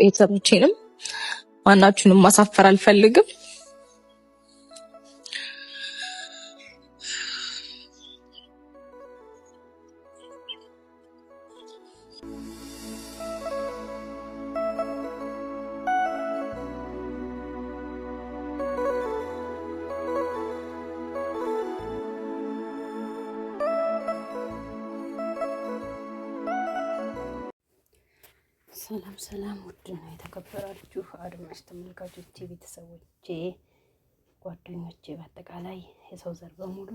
ቤተሰቦቼንም ማናችሁንም ማሳፈር አልፈልግም። ሰላም ሰላም፣ ውድ ነው የተከበራችሁ አድማጭ ተመልካቾቼ፣ ቤተሰቦቼ፣ ጓደኞቼ በአጠቃላይ የሰው ዘር በሙሉ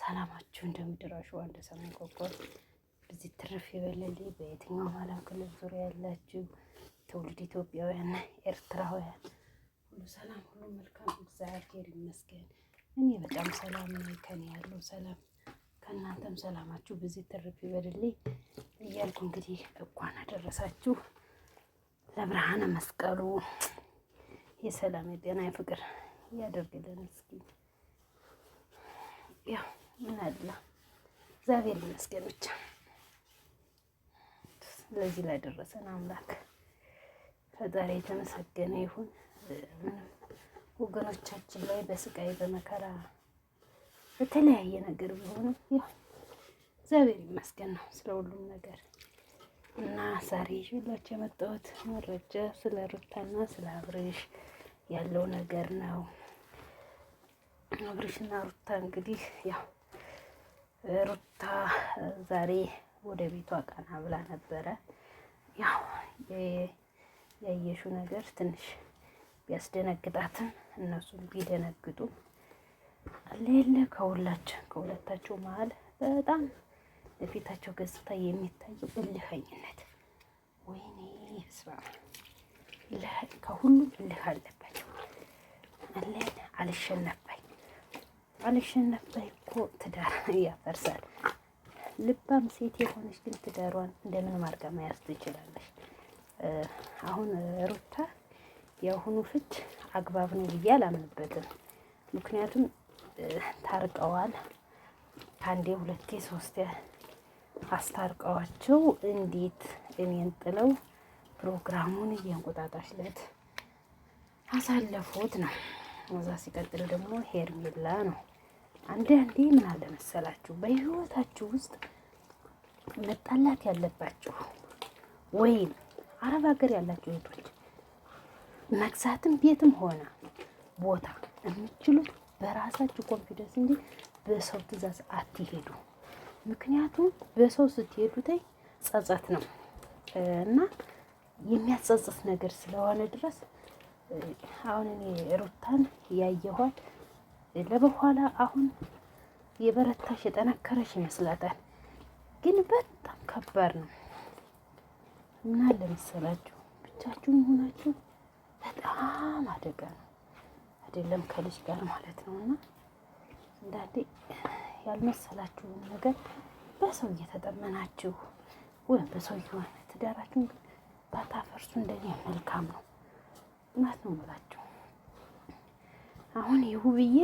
ሰላማችሁ እንደምድር አሸዋ እንደ ሰማይ ኮከብ እዚህ ትርፍ ይበልልኝ። በየትኛውም ዓለም ክልል ዙሪያ ያላችሁ ትውልድ ኢትዮጵያውያን ኤርትራውያን ሁሉ ሰላም፣ ሁሉ መልካም፣ እግዚአብሔር ይመስገን። እኔ በጣም ሰላም ነኝ። ከኔ ያለው ሰላም ከእናንተም ሰላማችሁ ብዚህ ትርፍ ይበልልኝ እያልኩ እንግዲህ እንኳን አደረሳችሁ። ለብርሃነ መስቀሉ የሰላም የጤና የፍቅር እያደርግልን። እስኪ ያው ምን አለ እግዚአብሔር ይመስገን ብቻ ለዚህ ላይ ደረሰን። አምላክ ፈጣሪ የተመሰገነ ይሁን። ምንም ወገኖቻችን ላይ በስቃይ በመከራ በተለያየ ነገር ቢሆንም ያው እግዚአብሔር ይመስገን ነው ስለ ሁሉም ነገር። እና ዛሬ ይዤላችሁ የመጣሁት መረጃ ስለ ሩታና ስለ አብርሽ ያለው ነገር ነው። አብርሽና ሩታ እንግዲህ ያው ሩታ ዛሬ ወደ ቤቷ ቀና ብላ ነበረ። ያው ያየሹ ነገር ትንሽ ቢያስደነግጣትም እነሱም ቢደነግጡም አለ የለ ከሁላችን ከሁለታቸው መሀል በጣም በፊታቸው ገጽታ የሚታየው እልኸኝነት፣ ወይኔ ስራ ከሁሉም እልህ አለባቸው። አለን አልሸነፋይ አልሸነፋይ እኮ ትዳር ያፈርሳል። ልባም ሴት የሆነች ግን ትዳሯን እንደምን ማርጋ መያዝ ትችላለች። አሁን ሩታ የአሁኑ ፍች አግባብ ነው ብዬ አላምንበትም። ምክንያቱም ታርቀዋል። ከአንዴ ሁለቴ ሶስቴ አስታርቀዋቸው እንዴት እኔን ጥለው ፕሮግራሙን የእንቁጣጣሽ ለት አሳለፉት ነው። እዛ ሲቀጥል ደግሞ ሄርሜላ ነው። አንዳንዴ ምን አለ መሰላችሁ በህይወታችሁ ውስጥ መጣላት ያለባችሁ ወይም አረብ ሀገር ያላችሁ ቤቶች መግዛትም ቤትም ሆነ ቦታ የምችሉት በራሳችሁ ኮንፊደንስ እንጂ በሰው ትእዛዝ አትሄዱ። ምክንያቱም በሰው ስትሄዱተይ ጸጸት ነው እና የሚያጸጽት ነገር ስለሆነ ድረስ አሁን እኔ ሩታን ያየኋት ለበኋላ አሁን የበረታሽ የጠነከረሽ ይመስላታል፣ ግን በጣም ከባድ ነው። ምን አለ መሰላችሁ ብቻችሁን ሆናችሁ በጣም አደጋ ነው አይደለም፣ ከልጅ ጋር ማለት ነው እና እንዳንዴ ያልመሰላችሁን ነገር በሰው እየተጠመናችሁ ወይም በሰው የሆነ ትዳራችሁን ባታፈርሱ እንደኔ መልካም ነው ማለት ነው ብላችሁ አሁን የውብዬ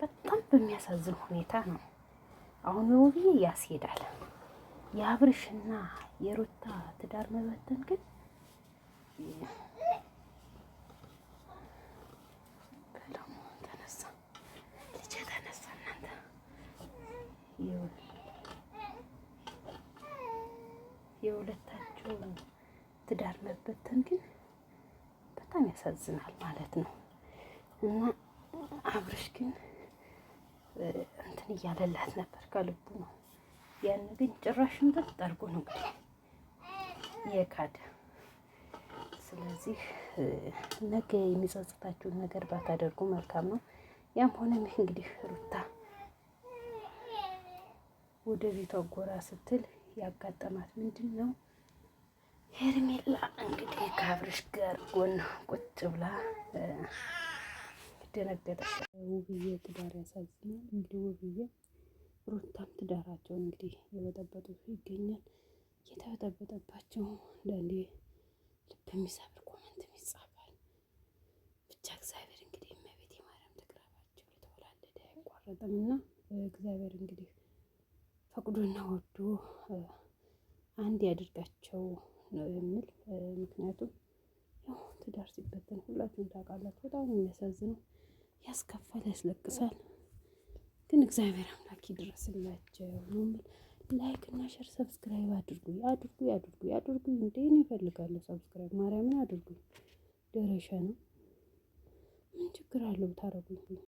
በጣም በሚያሳዝን ሁኔታ ነው። አሁን የውብዬ ያስሄዳል። የአብርሽና የሩታ ትዳር መበተን ግን የሁለታቸው ትዳር መበተን ግን በጣም ያሳዝናል ማለት ነው እና አብርሽ ግን እንትን እያለላት ነበር፣ ከልቡ ነው። ያን ግን ጭራሽን አድርጎ ነው እንግዲህ የካደ። ስለዚህ ነገ የሚጸጽታችሁን ነገር ባታደርጉ መልካም ነው። ያም ሆነም ይህ እንግዲህ ሩታ ወደ ቤቷ ጎራ ስትል ያጋጠማት ምንድን ነው? ሄርሜላ እንግዲህ ከአብርሽ ጋር ጎን ቁጭ ብላ ደነገጠች። ውብዬ ትዳር ያሳዝናል። እንግዲህ ውብዬ ሩታም ትዳራቸውን እንግዲህ የበጠበጡ ይገኛል። የተበጠበጠባቸው አንዳንዴ ልብ የሚሰብር ኮመንት ይጻፋል። ብቻ እግዚአብሔር እንግዲህ እመቤት የማርያም ትቅረባቸው። የተወላለደ አይቋረጥም እና እግዚአብሔር እንግዲህ ፈቅዶና ወዶ አንድ ያድርጋቸው ነው የሚል ምክንያቱም ያው ትዳር ሲበተን ሁላችሁም ታውቃላችሁ። በጣም የሚያሳዝነው ያስከፋል፣ ያስለቅሳል። ግን እግዚአብሔር አምላክ ይድረስላቸው ነው የሚል ላይክ እና ሸር ሰብስክራይብ አድርጉ አድርጉ አድርጉ አድርጉ። እንዴ እኔ እፈልጋለሁ ሰብስክራይብ ማርያምን አድርጉ። ደረሻ ነው ምን ችግር አለው ታረጉኝ?